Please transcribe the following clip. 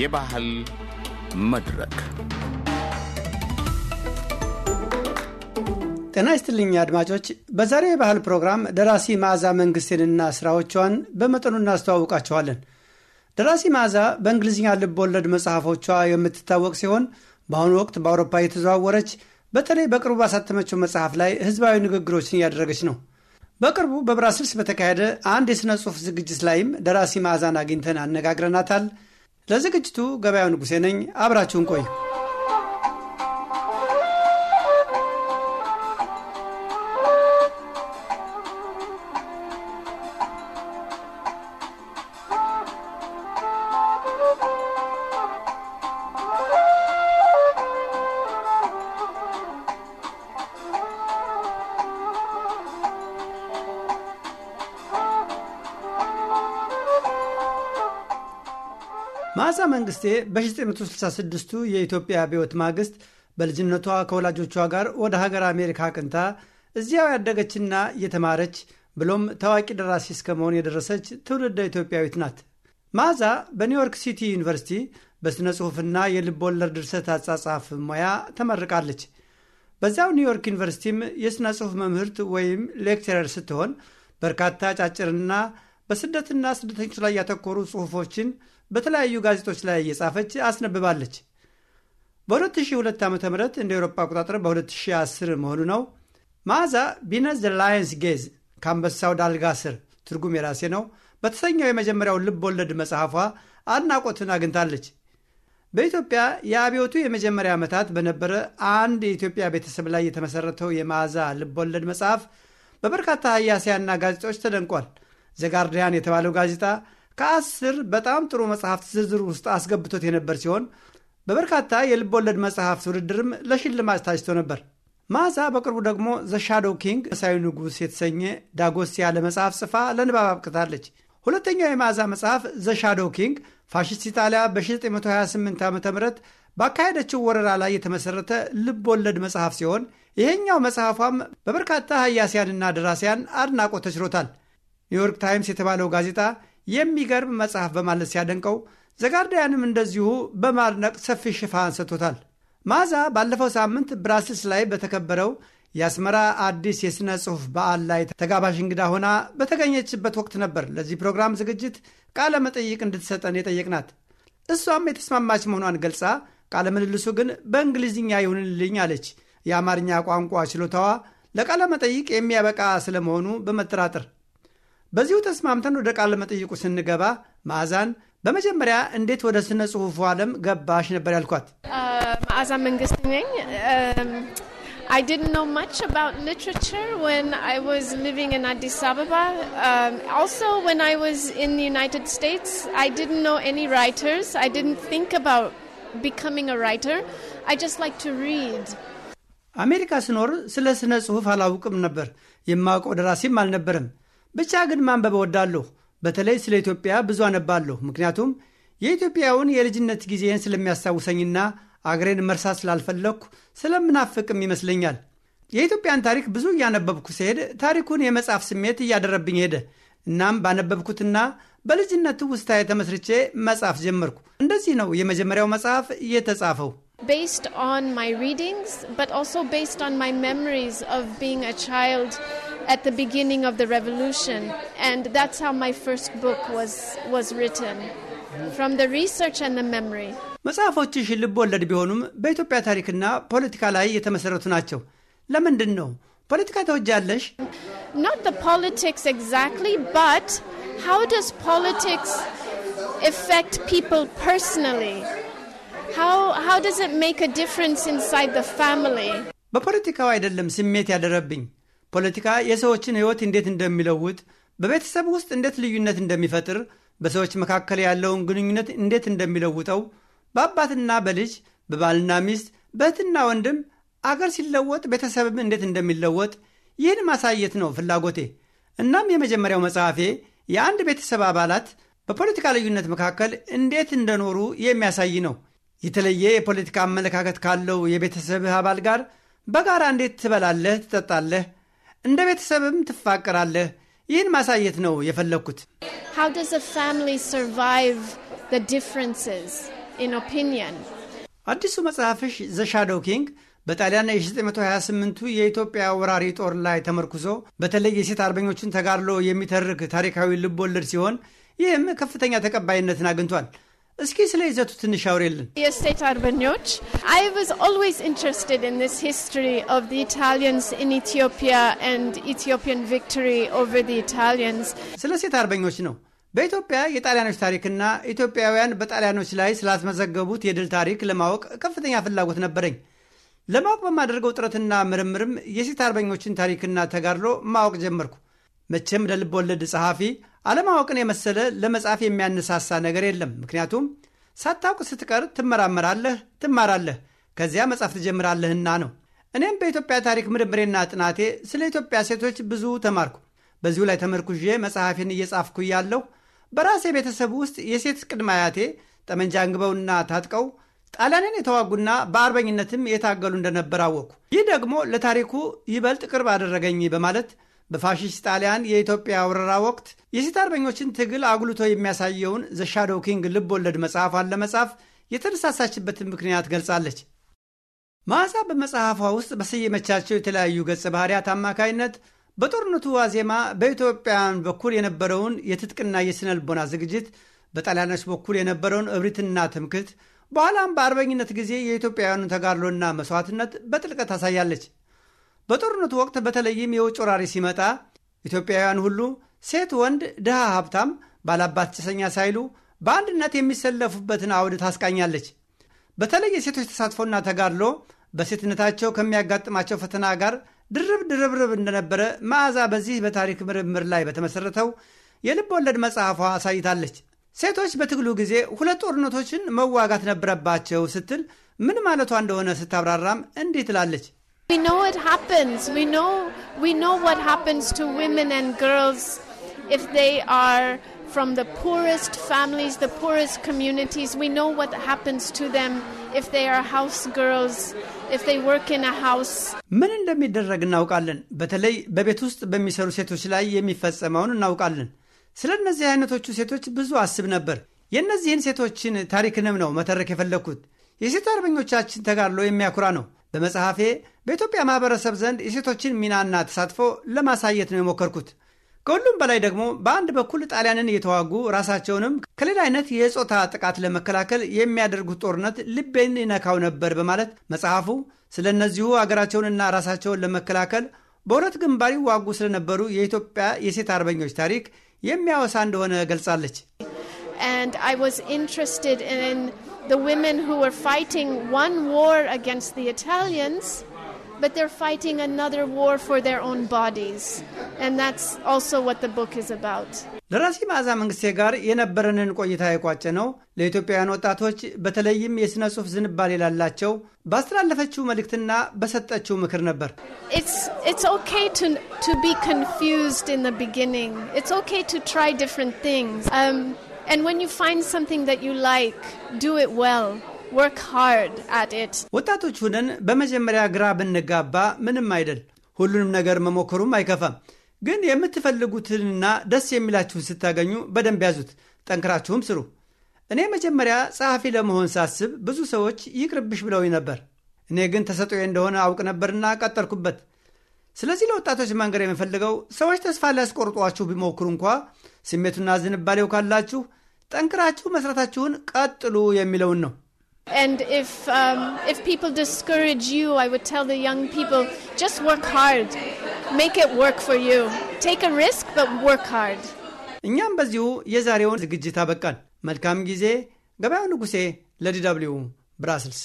የባህል መድረክ ጤና ይስጥልኝ አድማጮች። በዛሬው የባህል ፕሮግራም ደራሲ መዓዛ መንግስትንና ስራዎቿን በመጠኑ እናስተዋውቃቸዋለን። ደራሲ መዓዛ በእንግሊዝኛ ልብ ወለድ መጽሐፎቿ የምትታወቅ ሲሆን በአሁኑ ወቅት በአውሮፓ የተዘዋወረች በተለይ በቅርቡ ባሳተመችው መጽሐፍ ላይ ህዝባዊ ንግግሮችን እያደረገች ነው። በቅርቡ በብራስልስ በተካሄደ አንድ የሥነ ጽሑፍ ዝግጅት ላይም ደራሲ መዓዛን አግኝተን አነጋግረናታል። ለዝግጅቱ ገበያው ንጉሴ ነኝ። አብራችሁን ቆይ መዓዛ መንግስቴ በ 966 የኢትዮጵያ ቢወት ማግስት በልጅነቷ ከወላጆቿ ጋር ወደ ሀገር አሜሪካ ቅንታ እዚያው ያደገችና የተማረች ብሎም ታዋቂ ደራሲ እስከመሆን የደረሰች ትውልደ ኢትዮጵያዊት ናት። መዓዛ በኒውዮርክ ሲቲ ዩኒቨርሲቲ በሥነ ጽሑፍና የልብ ወለድ ድርሰት አጻጻፍ ሙያ ተመርቃለች። በዚያው ኒውዮርክ ዩኒቨርሲቲም የሥነ ጽሑፍ መምህርት ወይም ሌክቸረር ስትሆን በርካታ አጫጭርና በስደትና ስደተኞች ላይ ያተኮሩ ጽሑፎችን በተለያዩ ጋዜጦች ላይ እየጻፈች አስነብባለች። በ2002 ዓ ም እንደ ኤሮፓ አቆጣጠር በ2010 መሆኑ ነው። መዓዛ ቢነስ ዘ ላየንስ ጌዝ ከአንበሳው ዳልጋ ስር ትርጉም የራሴ ነው በተሰኘው የመጀመሪያው ልብ ወለድ መጽሐፏ አድናቆትን አግኝታለች። በኢትዮጵያ የአብዮቱ የመጀመሪያ ዓመታት በነበረ አንድ የኢትዮጵያ ቤተሰብ ላይ የተመሠረተው የመዓዛ ልብ ወለድ መጽሐፍ በበርካታ ሀያሲያና ጋዜጦች ተደንቋል። ዘጋርዲያን የተባለው ጋዜጣ ከአስር በጣም ጥሩ መጽሐፍት ዝርዝር ውስጥ አስገብቶት የነበር ሲሆን በበርካታ የልብ ወለድ መጽሐፍት ውድድርም ለሽልማት ታጭቶ ነበር። ማዛ በቅርቡ ደግሞ ዘ ሻዶው ኪንግ መሳዊ ንጉሥ የተሰኘ ዳጎስ ያለ መጽሐፍ ጽፋ ለንባብ አብቅታለች። ሁለተኛው የማዛ መጽሐፍ ዘ ሻዶው ኪንግ ፋሽስት ኢጣሊያ በ1928 ዓ ም ባካሄደችው ወረራ ላይ የተመሠረተ ልብ ወለድ መጽሐፍ ሲሆን ይሄኛው መጽሐፏም በበርካታ ሀያሲያንና ደራሲያን አድናቆት ተችሮታል። ኒውዮርክ ታይምስ የተባለው ጋዜጣ የሚገርም መጽሐፍ በማለት ሲያደንቀው ዘጋርዳያንም እንደዚሁ በማድነቅ ሰፊ ሽፋን ሰጥቶታል። ማዛ ባለፈው ሳምንት ብራስልስ ላይ በተከበረው የአስመራ አዲስ የሥነ ጽሑፍ በዓል ላይ ተጋባዥ እንግዳ ሆና በተገኘችበት ወቅት ነበር ለዚህ ፕሮግራም ዝግጅት ቃለ መጠይቅ እንድትሰጠን የጠየቅናት። እሷም የተስማማች መሆኗን ገልጻ ቃለ ምልልሱ ግን በእንግሊዝኛ ይሁንልኝ አለች። የአማርኛ ቋንቋ ችሎታዋ ለቃለ መጠይቅ የሚያበቃ ስለመሆኑ በመጠራጠር በዚሁ ተስማምተን ወደ ቃለ መጠይቁ ስንገባ መዓዛን በመጀመሪያ እንዴት ወደ ስነ ጽሁፉ አለም ገባሽ ነበር ያልኳት። መዓዛ መንግስት ነኝ። I didn't know much about literature when I was living in Addis Ababa. Um, also, when I was in the United States, I didn't know any writers. I didn't think about becoming a writer. I just like to read. አሜሪካ ስኖር ስለ ስነ ጽሑፍ አላውቅም ነበር። የማውቀው ደራሲም አልነበረም። ብቻ ግን ማንበብ እወዳለሁ። በተለይ ስለ ኢትዮጵያ ብዙ አነባለሁ። ምክንያቱም የኢትዮጵያውን የልጅነት ጊዜን ስለሚያስታውሰኝና አገሬን መርሳት ስላልፈለግኩ ስለምናፍቅም ይመስለኛል። የኢትዮጵያን ታሪክ ብዙ እያነበብኩ ሲሄድ ታሪኩን የመጽሐፍ ስሜት እያደረብኝ ሄደ። እናም ባነበብኩትና በልጅነት ውስታ የተመስርቼ መጽሐፍ ጀመርኩ። እንደዚህ ነው የመጀመሪያው መጽሐፍ የተጻፈው። based on my readings but also based on my memories of being a child at the beginning of the revolution, and that's how my first book was, was written from the research and the memory. መጽሐፎችሽ ልብ ወለድ ቢሆኑም በኢትዮጵያ ታሪክና ፖለቲካ ላይ የተመሰረቱ ናቸው። ለምንድን ነው ፖለቲካ ተወጃለሽ? Not the politics exactly, but how does politics affect people personally? How, how does it make a difference inside the family? በፖለቲካው አይደለም ስሜት ያደረብኝ ፖለቲካ የሰዎችን ሕይወት እንዴት እንደሚለውጥ፣ በቤተሰብ ውስጥ እንዴት ልዩነት እንደሚፈጥር፣ በሰዎች መካከል ያለውን ግንኙነት እንዴት እንደሚለውጠው፣ በአባትና በልጅ በባልና ሚስት በእህትና ወንድም አገር ሲለወጥ ቤተሰብም እንዴት እንደሚለወጥ ይህን ማሳየት ነው ፍላጎቴ። እናም የመጀመሪያው መጽሐፌ የአንድ ቤተሰብ አባላት በፖለቲካ ልዩነት መካከል እንዴት እንደኖሩ የሚያሳይ ነው። የተለየ የፖለቲካ አመለካከት ካለው የቤተሰብህ አባል ጋር በጋራ እንዴት ትበላለህ፣ ትጠጣለህ እንደ ቤተሰብም ትፋቀራለህ። ይህን ማሳየት ነው የፈለግኩት። How does a family survive the differences in opinion? አዲሱ መጽሐፍሽ ዘ ሻዶው ኪንግ በጣሊያን የ1928ቱ የኢትዮጵያ ወራሪ ጦር ላይ ተመርኩዞ በተለይ የሴት አርበኞችን ተጋድሎ የሚተርክ ታሪካዊ ልብ ወለድ ሲሆን ይህም ከፍተኛ ተቀባይነትን አግኝቷል። እስኪ ስለ ይዘቱ ትንሽ አውሬልን። የስቴት አርበኞች አይ ዋዝ ኦልዌይስ ኢንትረስትድ ኢን ዚስ ሂስትሪ ኦፍ ዘ ኢታሊያንስ ኢን ኢትዮጵያ ኤንድ ኢትዮጵያን ቪክቶሪ ኦቨር ዘ ኢታሊያንስ። ስለ ሴት አርበኞች ነው። በኢትዮጵያ የጣሊያኖች ታሪክና ኢትዮጵያውያን በጣሊያኖች ላይ ስላስመዘገቡት የድል ታሪክ ለማወቅ ከፍተኛ ፍላጎት ነበረኝ። ለማወቅ በማደርገው ጥረትና ምርምርም የሴት አርበኞችን ታሪክና ተጋድሎ ማወቅ ጀመርኩ። መቼም ለልብ ወለድ ጸሐፊ አለማወቅን የመሰለ ለመጻፍ የሚያነሳሳ ነገር የለም። ምክንያቱም ሳታውቅ ስትቀር ትመራመራለህ፣ ትማራለህ፣ ከዚያ መጻፍ ትጀምራለህና ነው። እኔም በኢትዮጵያ ታሪክ ምርምሬና ጥናቴ ስለ ኢትዮጵያ ሴቶች ብዙ ተማርኩ። በዚሁ ላይ ተመርኩዤ መጽሐፊን እየጻፍኩ እያለሁ በራሴ ቤተሰብ ውስጥ የሴት ቅድመ አያቴ ጠመንጃ አንግበውና ታጥቀው ጣሊያንን የተዋጉና በአርበኝነትም የታገሉ እንደነበር አወቅኩ። ይህ ደግሞ ለታሪኩ ይበልጥ ቅርብ አደረገኝ በማለት በፋሽስት ጣሊያን የኢትዮጵያ ወረራ ወቅት የሴት አርበኞችን ትግል አጉልቶ የሚያሳየውን ዘ ሻዶው ኪንግ ልብ ወለድ መጽሐፏን ለመጻፍ የተነሳሳችበትን ምክንያት ገልጻለች። መዓዛ በመጽሐፏ ውስጥ በሰየመቻቸው የተለያዩ ገጸ ባህሪያት አማካይነት በጦርነቱ ዋዜማ በኢትዮጵያውያን በኩል የነበረውን የትጥቅና የስነ ልቦና ዝግጅት፣ በጣሊያኖች በኩል የነበረውን እብሪትና ትምክህት፣ በኋላም በአርበኝነት ጊዜ የኢትዮጵያውያኑን ተጋድሎና መስዋዕትነት በጥልቀት ታሳያለች። በጦርነቱ ወቅት በተለይም የውጭ ወራሪ ሲመጣ ኢትዮጵያውያን ሁሉ ሴት፣ ወንድ፣ ድሃ፣ ሀብታም፣ ባላባት፣ ጭሰኛ ሳይሉ በአንድነት የሚሰለፉበትን አውድ ታስቃኛለች። በተለይ የሴቶች ተሳትፎና ተጋድሎ በሴትነታቸው ከሚያጋጥማቸው ፈተና ጋር ድርብ ድርብርብ እንደነበረ መዓዛ በዚህ በታሪክ ምርምር ላይ በተመሠረተው የልብ ወለድ መጽሐፏ አሳይታለች። ሴቶች በትግሉ ጊዜ ሁለት ጦርነቶችን መዋጋት ነበረባቸው ስትል ምን ማለቷ እንደሆነ ስታብራራም እንዲህ ትላለች። We know it happens. We know we know what happens to women and girls if they are from the poorest families, the poorest communities. We know what happens to them if they are house girls, if they work in a house. ምን እንደሚደረግ እናውቃለን። በተለይ በቤት ውስጥ በሚሰሩ ሴቶች ላይ የሚፈጸመውን እናውቃለን። ስለ እነዚህ አይነቶቹ ሴቶች ብዙ አስብ ነበር። የእነዚህን ሴቶችን ታሪክንም ነው መተረክ የፈለግኩት። የሴት አርበኞቻችን ተጋድሎ የሚያኩራ ነው። በመጽሐፌ በኢትዮጵያ ማኅበረሰብ ዘንድ የሴቶችን ሚናና ተሳትፎ ለማሳየት ነው የሞከርኩት። ከሁሉም በላይ ደግሞ በአንድ በኩል ጣሊያንን እየተዋጉ ራሳቸውንም ከሌላ አይነት የጾታ ጥቃት ለመከላከል የሚያደርጉት ጦርነት ልቤን ይነካው ነበር በማለት መጽሐፉ ስለ እነዚሁ አገራቸውንና ራሳቸውን ለመከላከል በሁለት ግንባር ይዋጉ ስለነበሩ የኢትዮጵያ የሴት አርበኞች ታሪክ የሚያወሳ እንደሆነ ገልጻለች። the women who were fighting one war against the Italians, but they're fighting another war for their own bodies. And that's also what the book is about. ደራሲ መዓዛ መንግስቴ ጋር የነበረንን ቆይታ የቋጨ ነው። ለኢትዮጵያውያን ወጣቶች በተለይም የሥነ ጽሑፍ ዝንባሌ ላላቸው ባስተላለፈችው መልእክትና በሰጠችው ምክር ነበር። It's okay to, to be confused in the beginning. It's okay to try different things. Um, And when you find something that you like, do it well. Work hard at it. ወጣቶች ሁነን በመጀመሪያ ግራ ብንጋባ ምንም አይደል። ሁሉንም ነገር መሞከሩም አይከፋም። ግን የምትፈልጉትንና ደስ የሚላችሁን ስታገኙ በደንብ ያዙት፣ ጠንክራችሁም ስሩ። እኔ መጀመሪያ ጸሐፊ ለመሆን ሳስብ ብዙ ሰዎች ይቅርብሽ ብለውኝ ነበር። እኔ ግን ተሰጥኦዬ እንደሆነ አውቅ ነበርና ቀጠልኩበት። ስለዚህ ለወጣቶች መንገድ የምፈልገው ሰዎች ተስፋ ሊያስቆርጧችሁ ቢሞክሩ እንኳ ስሜቱና ዝንባሌው ካላችሁ ጠንክራችሁ መስራታችሁን ቀጥሉ የሚለውን ነው። um, እኛም በዚሁ የዛሬውን ዝግጅት አበቃል። መልካም ጊዜ። ገበያው ንጉሴ ለዲ ደብልዩ ብራስልስ